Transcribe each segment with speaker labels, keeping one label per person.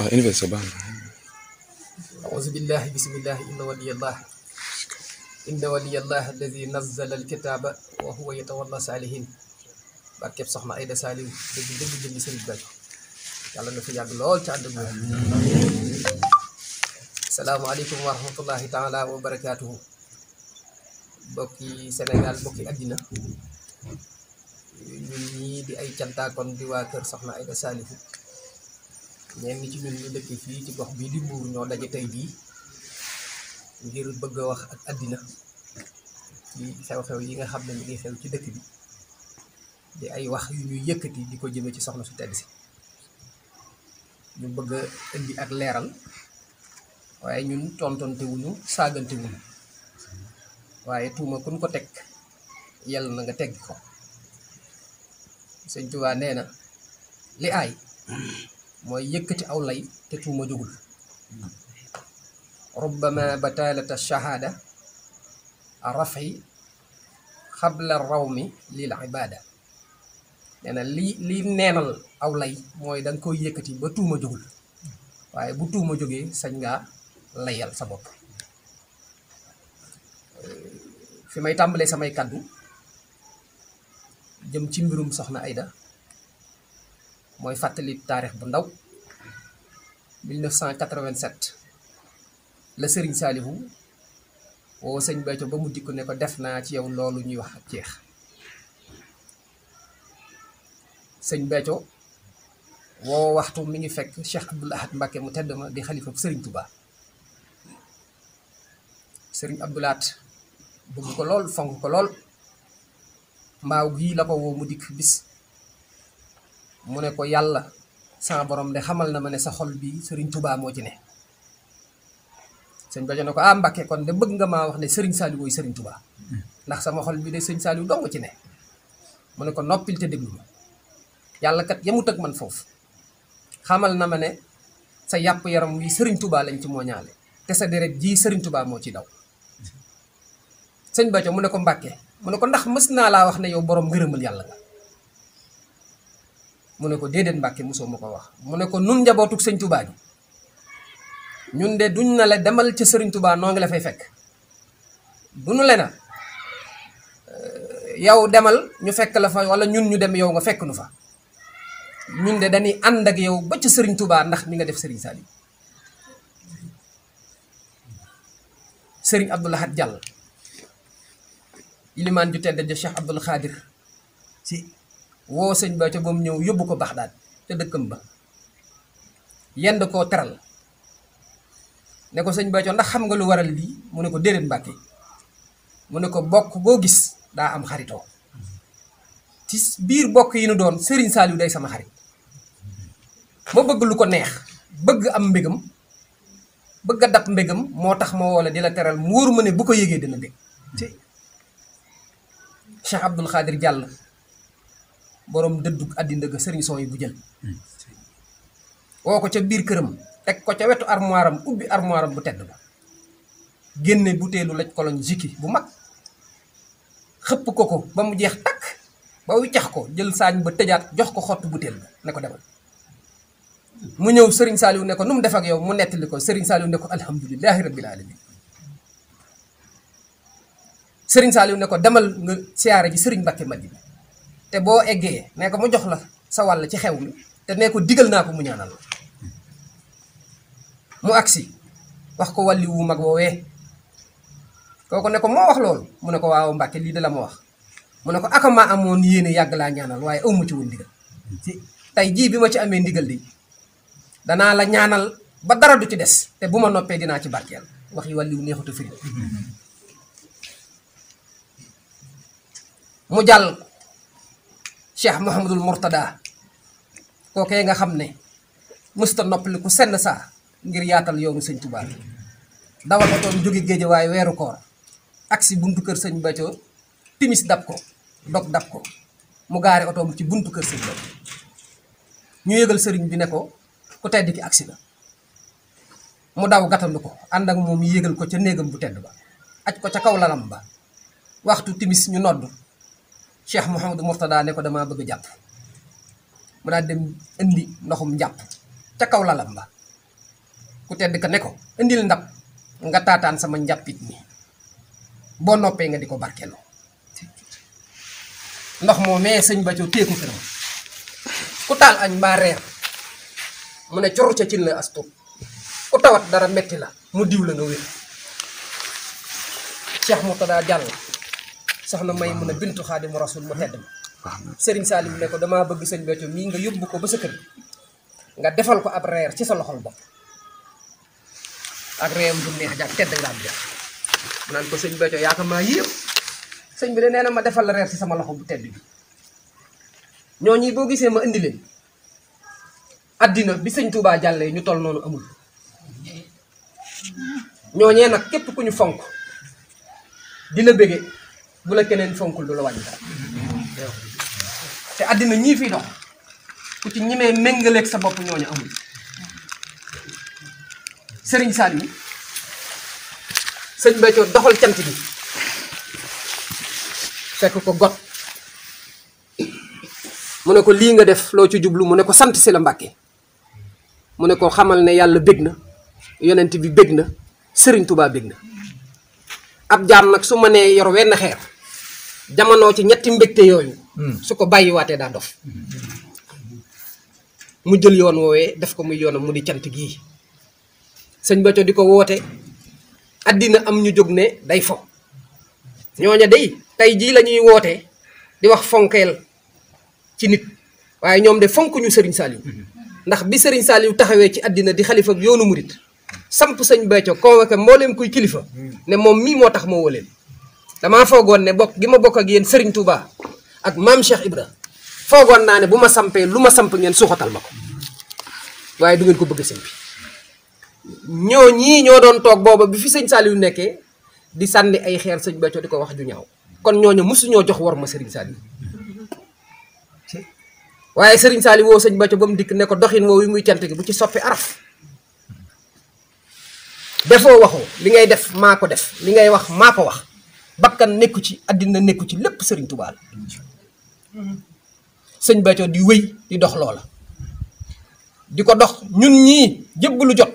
Speaker 1: اه انفيس بان
Speaker 2: اعوذ بالله بسم الله ان ولي الله ان ولي الله الذي نزل الكتاب وهو يتولى صالحين بارك في صحمه ايدا سالم دغ دغ دغ سيرج باج يلا نفي ياغ لول تاع دغ السلام عليكم ورحمه الله تعالى وبركاته بوكي سنغال بوكي ادينا ñi di ay cantakon di wa kër soxna ñenn ci ñun ñu dëkk fii ci gox bii di Mbuur ñoo daje tey bii ngir bëgg a wax ak àddina ci xew-xew yi nga xam ne mi ngi xew ci dëkk bi di ay wax yu ñuy yëkkati di ko jëme ci soxna su tedd si ñu bëgg a indi ak leeral waaye ñun tontante wuñu waaye tuuma kun ko teg yàlla na nga teg ko sëñ Tuubaa nee na li aay mooy yëkkati aw lay te tuuma jógul ba batalata shahaada rafi xabla rawmi lil la nee na li li neenal aw lay mooy da koy yëkkati ba tuuma jógul waaye bu tuuma jógee sañ nga layal sa bopp fi may tàmbalee samay kàddu jëm ci mbirum soxna ayda mooy fàttali taarix bu ndaw 1987 la sëriñ Saliou woo sëñ Béthio ba mu dikk ne ko def naa ci yow loolu ñuy wax ak jeex sëñ Béthio woo waxtu mi ngi fekk Cheikh Abdoul Ahad mu tedd ma di xalifa sëriñ Touba Serigne Abdoul Ahad bëgg ko lool fonk ko lool mbaaw gii la ko woo mu dikk bis. mu ne ko yàlla sama borom de xamal na ma ne sa xol bi sëriñ Touba moo ci ne sëñ Badiane ne ko ah Mbacke kon de bëgg nga maa wax ne Serigne Saliou mooy Serigne Touba ndax sama xol bi de sëñ Saliou dong ci ne mu ne ko noppil te déglu yàlla kat yemut ak man foofu xamal na ma ne sa yàpp yaram wi sëriñ Touba lañ ci mooñaale te sa deret jii Serigne Touba moo ci daw sëñ Badiane mu ne ko Mbacke mu ne ko ndax mës naa laa wax ne yow borom ngërëmal yàlla nga. mu ne ko déedéet Mbàkke mosoo ma ko wax mu ne ko nun njabootuk sëñ Touba gi ñun de duñ na la demal ca sëriñ tubaa noo ngi la fay fekk duñu le na eh, yow demal ñu fekk la fa wala ñun ñu dem yow nga fekk nu fa ñun de dañuy ànd ak yow ba ca sëriñ tubaa ndax mi nga def sëriñ Saliou sëriñ Abdoul Ahad Diall ilimaan ju tedd ja Cheikh Abdoul Khadir si wo sëñ ba ca bam ñew yobbu ko baxdad ca dekkum ba yend ko teral ne ko ba ca ndax xam nga lu waral lii mu ne ko dedet mbàkke mu ne ko bok gis da am xarito ci bir bok yi ñu doon Serigne Saliou day sama xarit ma bëgg lu ko neex bëgg am mbégam bëgg a dab mbégam tax ma wala dila teral mu ne bu ko yegge dina bég Cheikh Abdoul Khadir Diallo borom dëddug àddina ga sëriñ son yi bu jël woo ko ca biir këram teg ko ca wetu armoire am ubbi armoire bu tedd ba génne butéelu laj koloñ jikki bu mag xëpp ko ko ba mu jeex takk ba wiccax ko jël saañ ba tëjaat jox ko xottu butéel ba ne ko demal mu ñëw sëriñ Saliou ne ko nu mu def ak yow mu nettali ko sëriñ Saliou ne ko alhamdulilahi rabbil alamin sëriñ Saliou ne ko demal nga siyaare ji sëriñ Mbacke Madina té bo éggé né ko mu jox la sa wal ci xew mi né ko digal na ko mu ñaanal mu aksi wax ko wali wu mag wowe koko ne ko mo wax lool mu ne ko waaw mbacké li dala mo wax mu ne ko akama maa yene yag la ñaanal waye awmu ci won ndigal ci tay bi bima ci amé ndigal di dana la ñaanal ba dara du ci dess te bu ma dina ci barkel wax yi wu neexatu firi mu jall cheikh Muhammadul murtada kookee nga xamne musta mësta ku sen sa ngir yaatal yoonu Seigne Touba dawal otoom way ko aksi buntu kër Seigne Bacho timis dab ko dok dab ko mu gaari auto ci buntu kër Seigne Bacho ñu yëgal Seigne bi ne ko ku tedd ki aksi la mu daw gatandu ko ànd ak mom yëgal ko ci bu tedd ba acc ko ca kaw lalam ba waxtu timis ñu noddu cheikh mouhamadou murtada ne ko dama bëgg japp mu da dem indi ndoxum japp ca kaw lalam ba ku tedd ka ne ko indil ndap nga taataan sama njappit mi bo noppé nga diko barkelo ndox mo me señ ba ci teeku fi ku taal añ mbaa reer mu ne cioru ca cinna astu ku tawat dara metti la mu diw la nga wër Cheikh Murtada jall soxna Maymuna bintu Xaadimu Rasuul mu tedd ma sëriñ Saalim ne ko damaa bëgg sëñ Béthio mii nga yóbbu ko ba sa kër nga defal ko ab reer ci sa loxol bopp ak reeram du neex ko sëñ Béthio yaakaar maa sëñ bi de nee na ma defal la reer ci sama loxo bu tedd bi ñooñi boo gisee ma indi leen addina bi sëñ tuubaa jàllee ñu toll noonu amul ñooñee nag képp ku ñu fonk di bëgge bu la keneen fonk du la wàññi te àddina ñii fiy dox ku ci ñimee méngaleeg sa bopp ñooñu amul sëriñ Saliou yi sëñ Béthio doxal cant bi fekk ko got mu ne ko lii nga def loo ci jublu mu ne ko sant si la Mbàkke mu ne ko xamal ne yàlla bég na yonent bi bég na sëriñ Touba bég na ab jaam nag su ma nee yor wenn xeer jamono ci ñetti mbégte yooyu. Hmm. su ko bàyyiwaatee daa dof. mu jël yoon woowee def ko muy yoonam mu di cant gii sëñ Bethio di ko woote addina am ñu jóg ne day fo ñooña day tey jii la ñuy woote di wax fonkeel ci nit waaye ñoom de fonk ñu Serigne Saliou hmm. ndax bi sëriñ Saliou taxawee ci addina di xalifa ak yoonu murit samp sëñ Bethio convoqué mbooleem kuy kilifa hmm. ne moom mii moo tax moo leen damaa foogoon ne bokk gi ma bokk ak yéen Serigne Touba ak maam Cheikh Ibra foogoon naa ne bu ma sampee lu ma samp ngeen suuxatal ma ko waaye du ngeen ko bëgg a simpi ñoo ñii ñoo doon toog booba bi fi sëñ saali yu nekkee di sànni ay xeer sëñ Béthio di ko wax du ñaaw kon ñooñu mosuñoo jox war ma Serigne Saliou waaye sëriñ saali woo sëñ Béthio ba mu dikk ne ko doxin woowu muy cant gi bu ci soppi araf defoo waxoo li ngay def maa ko def li ngay wax maa ko wax bakkan nekku ci adina nekku ci lepp serigne touba la serigne baccio di wey di dox lola diko dox ñun ñi lu jot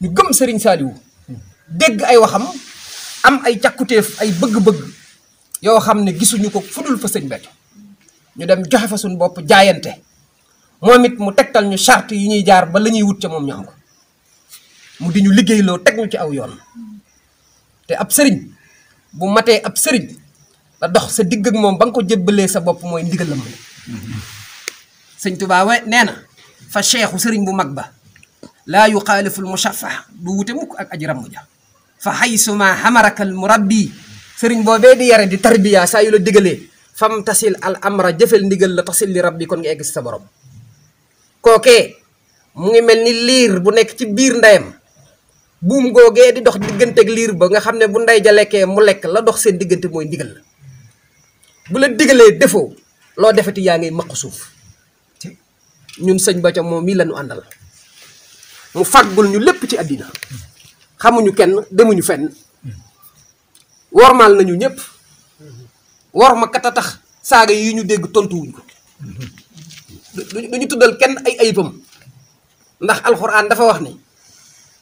Speaker 2: ñu gëm serigne saliw deg ay waxam am ay ciakuteef ay bëgg bëgg yo xamne gisunu ko fudul fa serigne baccio ñu dem joxe fa sun bop jaayante momit mu tektal ñu charte yi ñi jaar ba lañuy wut ci mom ñango mu diñu lo tek ñu ci aw yoon te ab serigne bu matee ab sëriñ la dox sa digg moom ba nga ko jébbalee sa bopp mooy ndigal la mën sëñ Tuubaa we nee na fa cheikhu sëriñ bu mag ba laa yuxaalifu l mushaffa du wute mukk ak aji ramm ja fa xaysuma xamarakal murabbi sëriñ boobee di yare di tarbiya saa yu la digalee fam tasil al amra jëfel ndigal la tasil li rabbi kon nga gis sa borom kookee mu ngi mel ni liir bu nekk ci biir ndeyam buum googee di dox digganteeg liir ba nga xam ne bu ndey ja lekkee mu lekk la dox seen diggante mooy ndigal la bu la digalee defoo loo defeti yaa ngay maq suuf ñun sëñ ba ca moom mii lañu àndal mu fàggul ñu lépp ci àddina xamuñu kenn demuñu fenn wormaal nañu ñëpp wor ma kat a tax saaga yi ñu dégg tontuwuñ ko duñu tuddal kenn ay ayibam ndax alxuraan dafa wax ni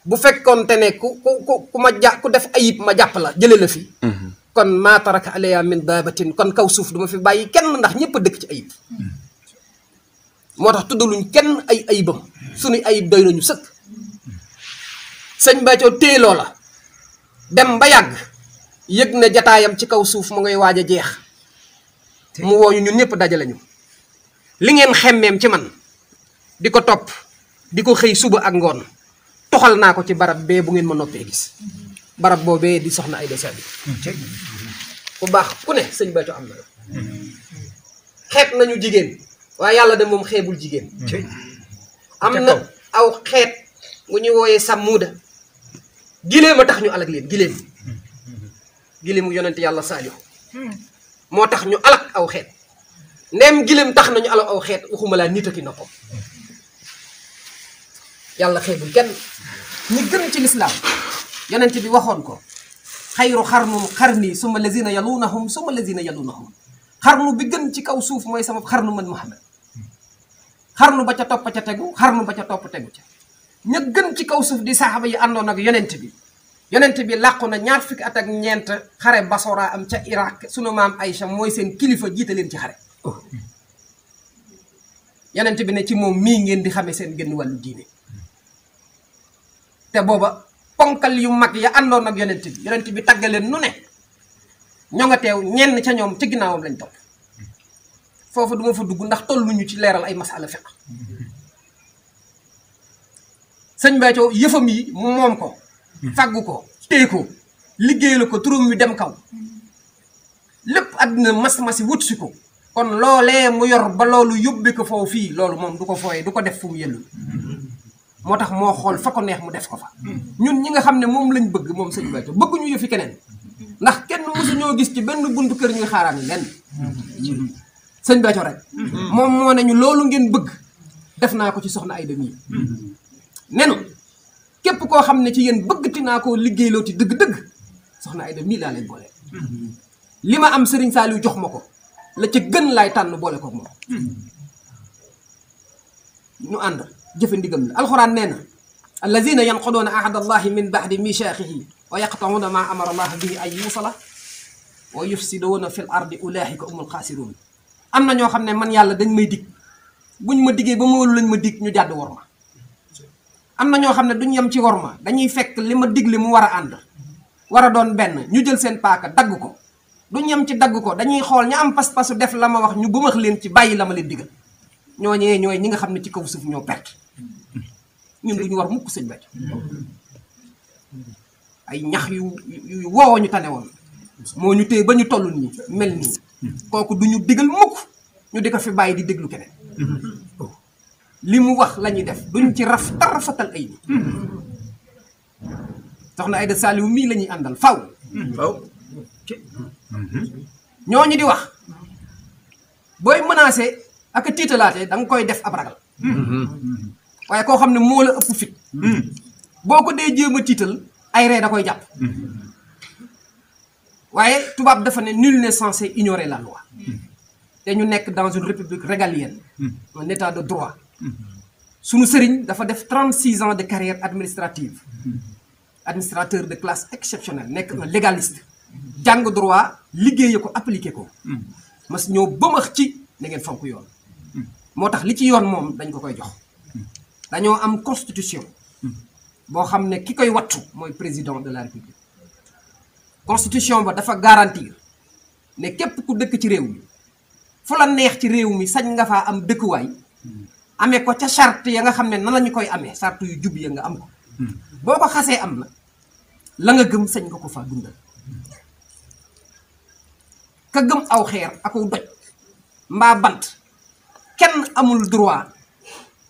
Speaker 2: bu fekkoonte ne ku ku ku ma ja ku def ayib ma jàpp la jëlee la fi. Mhm. kon maa taraka alaya min daabatin kon kaw suuf du fi bàyyi kenn ndax ñëpp a dëkk ci ayib. Mhm. moo tax tuddaluñ kenn ay ayibam suñu ayib doy nañu sëkk. sëñ Bacco téeloo la dem ba yàgg yëg na jataayam ci kaw suuf mu ngay waaj a jeex. mu wooyu ñun ñëpp dajale ñu. li ngeen xemmeem ci man di ko topp di ko xëy suba ak ngoon. tohal na ko ci barab be bu ngeen ma noppé gis barab bobé di soxna ay desa bi ku baax ku ne seigne baytu am na la nañu jigen wa yalla de mom xébul jigen amna aw xet bu ñu woyé samuda gilé ma tax ñu alak leen gilé mu yonent yalla salih mo tax ñu alak aw xeet ndeem gileem tax nañu alak aw xet waxuma la nitaki yalla xébul kenn ñi gën ci lislaam yonent bi waxoon ko xayru xarnum xarni summa lazina yalunahum summa lazina yalunahum xarnu bi gën ci kaw suuf mooy sama xarnu man Muhammad xarnu ba ca topp ca tegu xarnu ba ca topp tegu ca ña gën ci kaw suuf di saxaaba yi àndoon ak bi yonent bi làqu na ñaar fukki at ak ñeent xare am ca Irak sunu maam Aïcha mooy seen kilifa jiite leen ci xare oh. yonent bi ne ci moom mii ngeen di xamee seen gën wàllu diine te booba ponkal yu mag ya àndoon ak yonent bi yonent bi tàggaleen nu ne ñoo nga teew ñenn ca ñoom ca ginnaawam lañ topp foofu duma fa dugg ndax tolluñu ci leeral ay masala fiq sëñ Béthio yëfam yi moom ko fàggu ko téye ko liggéeyal ko turam mu dem kaw lépp àdduna mas-masi wut si ko kon loolee mu yor ba loolu yóbbe ko foofu fii loolu moom du ko fooyee du ko def fu mu yëllu moo tax moo xool fa ko neex mu def ko fa ñun ñi nga xam ne moom lañ bëgg moom sëñ Béthio bëgguñu yëfi keneen ndax kenn mosu ñoo gis ci benn buntu kër ñuy xaaraan yi lenn sëñ Béthio rek moom moo ne ñu loolu ngeen bëgg def naa ko ci soxna ay demi nenu képp koo xam ne ci yéen bëggati naa koo liggéeyloo ci dëgg-dëgg soxna ay demi laa leen boole li ma am sëriñ Saliou jox ma ko la ca gën laay tànn boole ko moom ñu ànd jëfe ndigam la alxuraan nee na allazina yanquduuna ahada allahi min baadi michaaqihi wa yaqtauuna maa amara allah bihi ay yuusala wa yufsiduuna fi l ardi ulaahika humul xaasiruun am na ñoo xam ne man yàlla dañ may dig buñ ma diggee ba ma wëlu lañ ma dig ñu jàdd war ma am na ñoo xam ne duñ yem ci war ma dañuy fekk li ma digle mu war a ànd war a doon benn ñu jël seen paaka dagg ko duñ yem ci dagg ko dañuy xool ñu am pas-pasu def la ma wax ñu bëmax leen ci bàyyi la ma leen ñoo digal ñooñee ñooy ñi nga xam ne ci kaw suuf ñoo perte ñun ñu war mukk sëñ Béthio ay ñax yu yu woowoo ñu tane woon moo ñu téye ba ñu toll nii mel nii kooku du ñu digal mukk ñu di ko fi bàyyi di déglu keneen li mu wax lañuy ñuy def duñ ci raf tarafatal ay ni soxna Aïda Saliou mii lañuy ñuy àndal faw faw ñu di wax booy menacé ak a tiitalaatee da nga koy def ab ragal waaye koo xam ne moo la ëpp fit hmm. boo ko dee jéem a tiital ay ree da koy jàpp hmm. waaye tubaab dafa ne nul n'est censé ignorer la loi hmm. te ñu nekk dans une république régalienne un état de droit sunu sëriñ dafa def 36 ans de carrière administrative administrateur de classe exceptionnel, nekk un légaliste jàng droit liggéeye ko appliqué ko mas ñoo bëmax ci na ngeen fonk yoon moo tax li ci yoon moom dañ ko koy jox dañoo am constitution boo xam ne ki koy wattu mooy président de la république constitution ba dafa garantir ne képp ku dëkk ci réew mi fu la neex ci réew mi sañ nga faa am dëkkuwaay amee ko ca charte ya nga xam ne nan la ñu koy amee charte yu jub ya nga am ko boo ko xasee am na la nga gëm sañ nga ko fa dundal ka gëm aw xeer aku doj mbaa bant kenn amul droit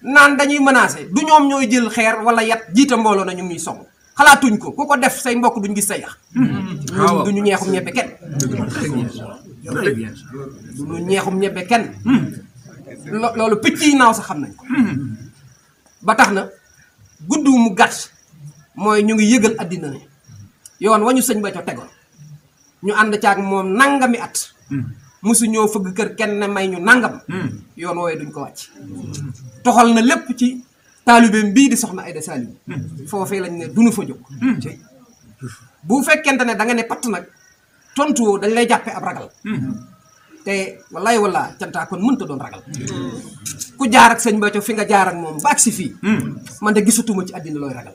Speaker 2: naan dañuy menacer du ñoom ñooy jël xeer wala yat jiita mbooloo na ñum ñuy song xalaatuñ ko ku ko def say mbokk duñ gis sa yax ñoom duñu ñeexum ñebe kenn
Speaker 1: duñu
Speaker 2: ñeexum ñebe kenn loolu picc yi naaw sa xam nañ ko ba tax na gudd mu gàtt mooy ñu ngi yëgal àddina ne yoon wañu sëñ ba co tegoon ñu ànd caag moom nangami at mosu ñoo fëgg kër kenn ne may ñu nangam. Hmm. yoon woowee duñ ko wàcc. toxal na lépp ci taalibeem bii di soxna Aida Saliou. Hmm. foofee lañ ne duñu fa jóg. Hmm. bu fekkente ne da nga ne patt nag tontu woo dañ lay jàppee ab ragal. te wallaay walla cantaa kon mënta doon ragal. ku jaar ak sëñ Mbacco fi nga jaar moom ba si fii. man de gisatuma ci àddina looy ragal.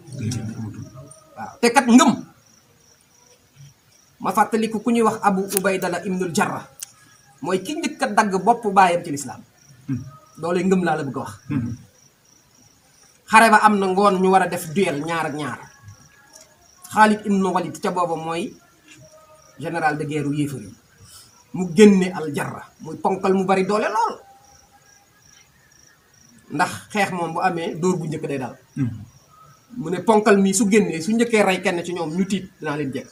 Speaker 2: waaw te kat ngëm ma fàttaliku ku ñuy wax Abu Ubaydala Ibnul Jarra. mooy ki njëkk dagg bopp baayam ci lislaam hmm. doole ngëm laa la bëgg a wax hmm. xare ba am na ngoon ñu war a def duel ñaar ak ñaar Xaalid ibnu Walid ca booba mooy général de guerre yéefar yi mu génne aljarra muy ponkal mu bari doole lool ndax xeex moom bu amee dóor bu njëkk day daal hmm. mu ne ponkal mi su génnee su njëkkee rey kenn ci ñoom ñu tiit dinaa leen jekk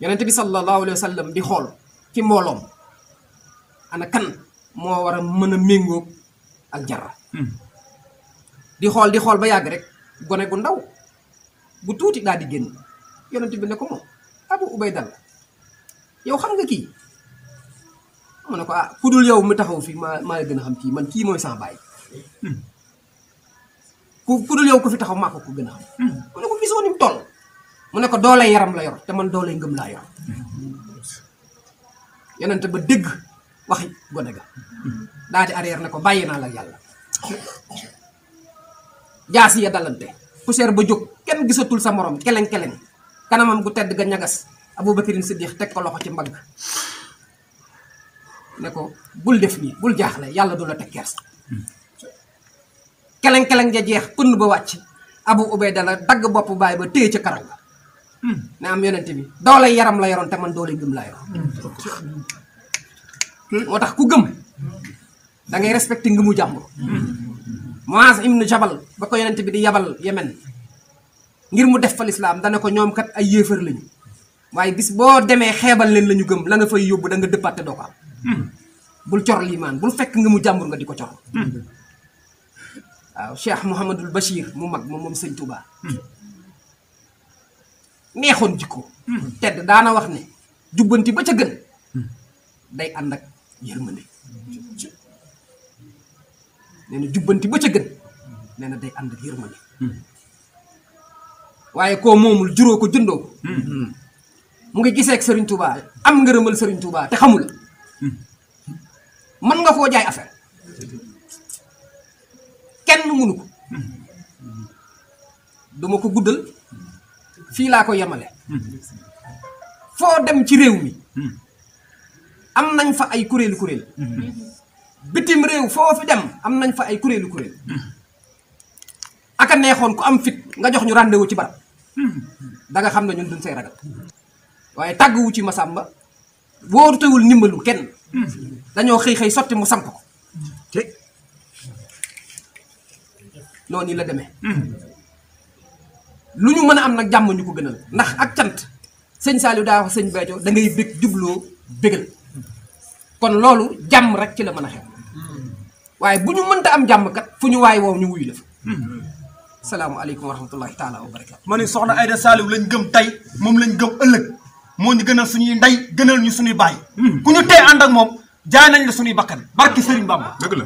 Speaker 2: yonent bi sallallahu alayhi wa di xool ci mbolom ana kan mo wara meuna mengo ak jarra hmm. di xol di xol ba yag rek goné gu ndaw bu tuti da di genn yonent bi ne ko mo abu ubaydal yow xam nga ki mo ne ko ah fudul yow mi taxaw fi ma ma gëna xam ki man ki moy sa bay hmm. ku fudul yow ku fi taxaw mako ko gëna xam mo hmm. ne ko tol mo ne ko melayar, yaram la yor te man dole ngëm la yor yonent ba deug waxi gone ga dadi arrière nako bayina la yalla jasi ya dalante pousser ba juk ken gisatul sa morom keleng keleng kanamam gu tedd ga ñagas aboubacarin siddiq Tek ko loxo ci mbag ne bul def ni bul jaxle yalla du la teg kersa keleng keleng ja jeex pënn ba wacc abu ubay dala dagg bopp baay ba tey ci karaw ne am yonent bi doole yaram la yoroon te man doole gëm la yor hmm? motax ku gëm da ngay respecté ngëmu jàmbur moas ibn jabal ba ko yonent bi di yabal yemen ngir mu def fa lislaam dana ko ñom kat ay yéefar lañu waaye bis bo demee xébal leen lañu gëm la nga fay yobbu da nga do ko bul cior liman bul fekk ngëmu jàmbur nga diko cior hmm. cheikh mouhamadul bachir mu mag neexoon jikko tedd daana wax ne jubbanti ba ca gën day ànd ak yërmande nee jubbanti ba ca gën nee day ànd ak yërmande waaye koo moomul juróo ko jëndoo ko mu ngi gisee ak Serigne Touba am ngërëmal Serigne Touba te xamul mën nga koo jaay affaire kenn mënu ko duma ko guddal fii laa ko yemale foo dem ci réew mi am nañ fa ay kuréelu kuréel bitim réew foo dem am nañ fa ay kuréelu kuréel aka neexoon ku am fit nga jox ñu rendez ci barab danga xam ne ñun duñ say ragal waaye tàgguwu ci Masamba wóorutewul ndimbalu kenn dañoo xëy xëy sotti mu samp ko te noonu la demee lu ñu mën a am nag jàmm ñu ko gënal ndax ak cant sëñ Saliou daa sëñ Béthio da ngay bég jubloo bégal kon loolu jàmm rek ci la mën a xew waaye bu ñu mënta am jàmm kat fu ñu waay woow ñu wuyu la fa salaamaaleykum wa rahmatullahi taala wa barakaatu ma ne soxla Aida Saliou lañ gëm tey moom lañ gëm ëllëg moo ñu gënal suñuy ndey gënal ñu suñuy baay ku ñu tee ànd moom jaay nañ la suñuy bakkan barki Serigne Bamba dëgg la